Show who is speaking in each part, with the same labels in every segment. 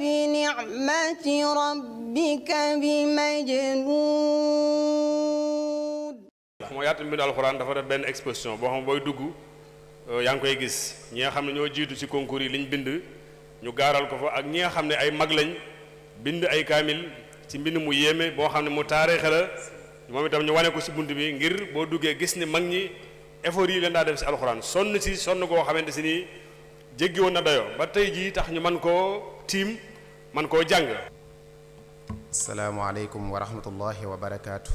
Speaker 1: بنعمة ربك بمجنون moo yaatal mbindum alxuraan dafa def benn exposition boo xam booy dugg euh, yaa ngi koy gis ñi nga xam ne ñoo jiitu ci concours yi liñ bind ñu gaaral ko fa ak ñi nga xam ne ay mag lañ bind ay kaamil ci mbind mu yéeme boo xam ne mu taarixee la moom itam ñu wane ko ci bunt bi ngir boo duggee gis ni mag ñi effort yi leen daa def ci alxuraan sonn ci sonn koo xamante ci ni jéggi woon na dayoo ba tey jii tax ñu man koo tiim man koo jàng
Speaker 2: salaamaaleykum wa rahmatullahi wa barakaatu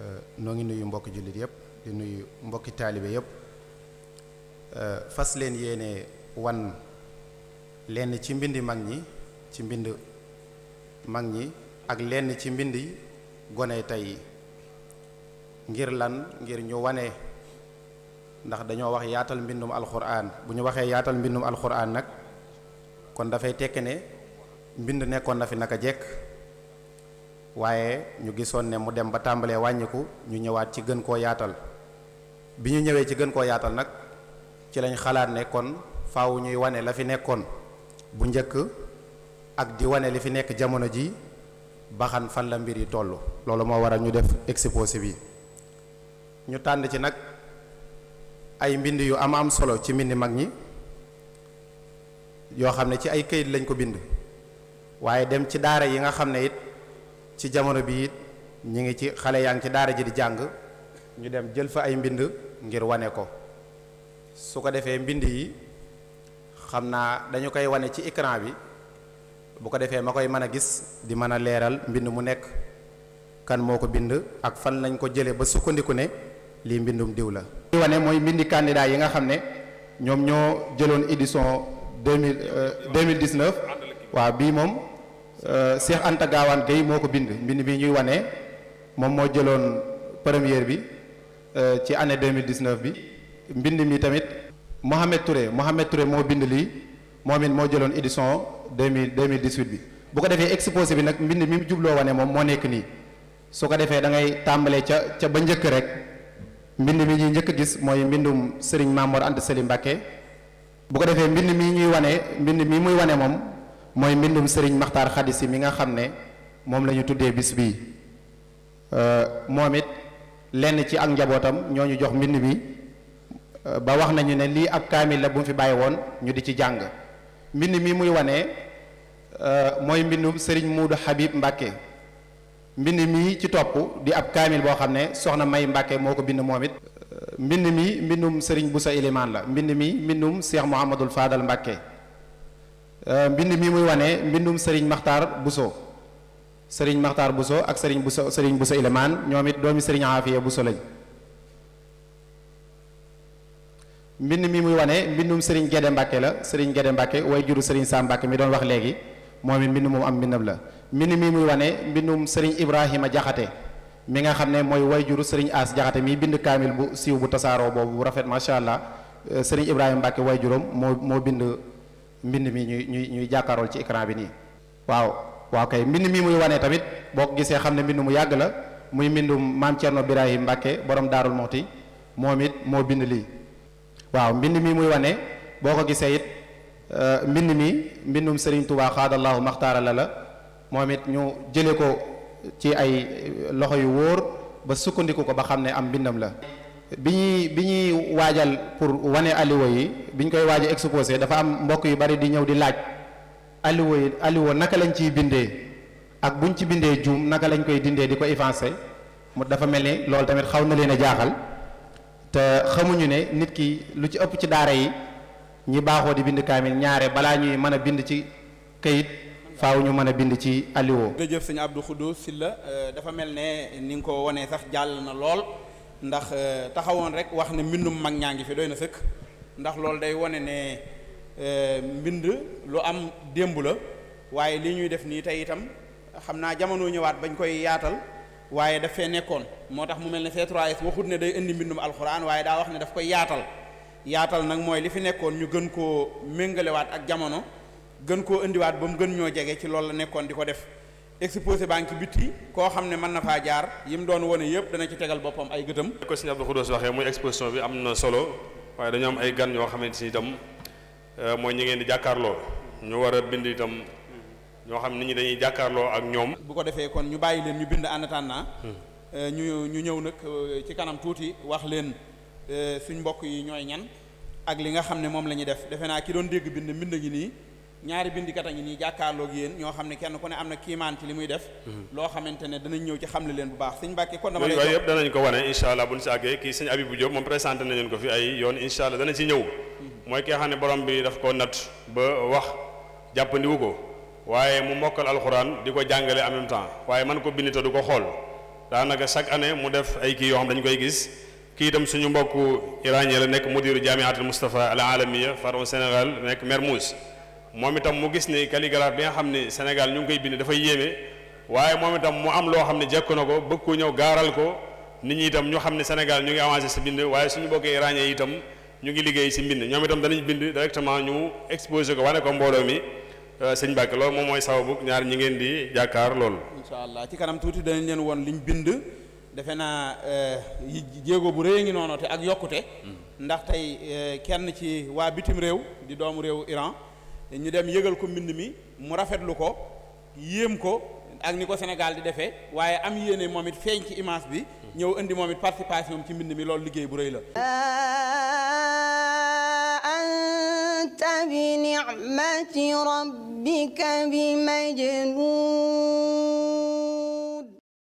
Speaker 2: euh, ngi nuyu mbokki jullit yépp di nuyu mbokki taalibe yëpp euh, fas leen yéene wan lenn ci mbindi mag ñi ci mbind mag ñi ak lenn ci mbindi gone tey ngir lan ngir ñu wane ndax dañoo wax yaatal mbindum alxuraan bu ñu waxee yaatal mbindum alxuraan nag kon dafay tekki ne mbind nekkoon na fi naka jekk waaye ñu gisoon ne mu dem ba tàmbalee wàññiku ñu ñëwaat ci gën koo yaatal bi ñu ñëwee ci gën koo yaatal nag ci lañ xalaat ne kon faaw ñuy wane la fi nekkoon bu njëkk ak di wane li fi nekk jamono ji baxan fan la mbir yi toll loolu moo waral ñu def exposé bi ñu tànn ci nag ay mbind yu am am solo ci mbind mag ñi yoo xam ne ci ay këyit lañ ko bind waaye dem ci daara yi nga xam ne it ci jamono bi it ñu ngi ci xale yaa ngi ci daara ji di jàng ñu dem jël fa ay mbind ngir wane ko su ko defee mbind yi xam naa dañu koy wane ci écran bi bu ko defee ma koy mën a gis di mën a leeral mbind mu nekk kan moo ko bind ak fan lañ ko jëlee ba sukkandiku ne lii mbindum diw la. li wane mooy mbindi candidat yi nga xam ne ñoom ñoo jëloon édition. deux mille euh, deux mille dix neuf waaw bii moom euh, Cheikh Anta Gaawaan Gueye moo ko bind mbind bi ñuy wane moom moo jëloon première bi euh, ci année deux mille dix neuf bi mbind mi tamit Mohamed Touré Mohamed Touré moo bind lii moom it moo jëloon édition deux mille deux mille dix bi bu ko defee exposé bi nag mbind mi mu jubloo wane moom moo nekk nii su ko defee da ngay tàmbalee ca ca ba njëkk rek mbind mi ñuy njëkk gis mooy mbindum Serigne Mamour Anta Sali Mbacké bu ko defee mbind mi ñuy wane mbind mi muy wane moom mooy mbindum sëriñ maxtaar xadisi mi nga xam ne moom lañu tuddee bis bii euh, moom it lenn ci ak njabootam ñoo ñu jox mbind mi euh, ba wax nañu ne lii ab kaamil la bu mu fi bàyyi woon ñu di ci jàng mbind mi muy wane euh, mooy mbindum sëriñ muudu Habib Mbàkke mbind mi ci topp di ab kaamil boo xam ne soxna May Mbàkke moo ko bind moom it mbind mi mbindum sëriñ Boussa Ilimaan la mbind mi mbindum Cheikh Mouhamadul Fadal Mbàkke euh, mbind mi muy wane mbindum sëriñ Maxtaar Bousso sëriñ Maxtaar Bousso ak sëriñ Bousso sëriñ Boussa Ilimaan ñoom it doomi sëriñ Aafiya Bousso lañ mbind mi muy wane mbindum sëriñ Gédé Mbàkke la sëriñ Gédé Mbàkke way juru sëriñ Sam Mbàkke mi doon wax léegi moom it mbind moom am mbindam la mbind mi muy wane mbindum sëriñ Ibrahima Jaxate mi nga xam ne mooy wayjuru sëriñ As Jaxate mii bind kaamil bu siiw bu tasaaroo boobu bu rafet macha allah euh, sëriñ Ibrahima Mbacke wayjuram moo moo bind mbind mi ñuy ñuy ñuy jàkkaarool ci écran bi nii waaw waaw mbind mi muy wane tamit boo ko gisee xam ne mbind mu yàgg la muy mbindum maam Thierno Birahim Mbacke borom daarul moxti moom it moo bind lii waaw mbind mi muy wane boo ko gisee it euh, mbind mi mbindum sëriñ Touba xaadallahu maxtaara la la moom it ñu jëlee ko. ci ay loxo yu wóor ba sukkandiku ko ba xam ne am bindam la bi ñuy bi ñuy waajal pour wane aliwo yi bi ñu koy waaj exposé dafa am mbokk yu bari di ñëw di laaj aliwo yi aliwo naka lañ ciy bindee ak buñ ci bindee juum naka lañ koy dindee di ko effacé mu dafa mel ne loolu tamit xaw na leen a jaaxal te xamuñu ne nit ki lu ci ëpp ci daara yi ñi baaxoo di bind kaamil ñaare balaa ñuy mën a bind ci kayit faaw ñu mën a bind ci alliwo
Speaker 3: jërëjëf sëñ Abdou Khoudous Sylla euh, dafa mel ne ni nga ko wanee sax jàll na lool ndax euh, taxawoon rek wax ne mbindum mag ñaa ngi fi doy na sëkk ndax loolu day wane ne euh, mbind lu am démb la waaye li ñuy def nii tey itam xam naa jamono ñëwaat bañ koy yaatal waaye daf fee nekkoon moo tax mu mel ne C3S waxut ne day indi mbindum alxuraan waaye daa wax ne dafa koy yaatal yaatal nag mooy li fi nekkoon ñu gën koo méngalewaat ak jamono gën koo indiwaat ba mu gën ñoo jege ci loolu la nekkoon di ko def exposé banque ngi ci bitti koo xam ne mën na faa jaar
Speaker 1: yi mu doon wone yëpp dana ci tegal boppam ay gëtam ko sëñ Abdou Khoudoss waxee muy exposition bi am na solo waaye dañu am ay gan ñoo xamante ni itam euh, mooy ñi ngeen di jàkkaarloo ñu war a itam ñoo xam nit ñi dañuy jàkkaarloo ak ñoom
Speaker 3: bu ko defee kon ñu bàyyi leen ñu bind en attendant hmm. euh, ñu ñu ñëw nag euh, ci kanam tuuti wax leen suñ mbokk yi ñooy ñan ak li nga xam ne moom la ñuy def defe naa ki doon dégg bind mbind ngi nii ñaari bindikat a ngi nii jàkkaarloog yéen ñoo xam ne kenn ku ne am na kiimaan ci li muy def mhm. loo xamante ne danañ ñëw ci xamle leen bu baax sëñ Mbàkke kon dama
Speaker 1: lay ko wane incha allah bu ñu si àggee kii sëñ Abibou Diop moom présenté nañ leen ko fi yoon incha allah danañ ñëw mhm. mooy kee xam ne borom bi daf ko natt ba wax jàppandiwu ko waaye mu mokkal alxuraan di ko jàngale en même temps waaye man ko bind te du ko xool daanaka chaque année mu def ay kii yoo xam dañ koy gis kii itam suñu mbokku iranien la nekk mudiru jaamiatul Moustapha al alamiya faron Sénégal nekk Mermoz moom itam mu gis ni calligraphe bi nga xam ne Sénégal ñu ngi koy bind dafa yéeme waaye moom itam mu am loo xam ne jekku na ko bëgg ko ñëw gaaral ko nit ñi itam ñu xam ne Sénégal ñu ngi avancé si bind waaye suñu bokkee Iranien itam ñu ngi liggéey si mbind ñoom itam danañu bind directement ñu exposé ko wane ko mbooloo mi euh, sëñ Mbàkke loolu moom mooy sababu ñaar ñi ngeen di jàkkaar loolu.
Speaker 3: incha allah ci kanam tuuti danañ leen woon liñ bind defe naa euh, jéego bu rëy ngi noonu te ak yokkute. Hmm. ndax tey euh, kenn ci waa bitim réew di doomu réewu Iran. ñu dem yëgal ko mbind mi mu rafetlu ko yéem ko ak ni ko senegal di defee waaye am yéene moom it feeñ ci image bi ñëw indi moom it participation ci mbind mi loolu liggéey bu rëy la
Speaker 1: anta bi ni'mati rabbika bi majnun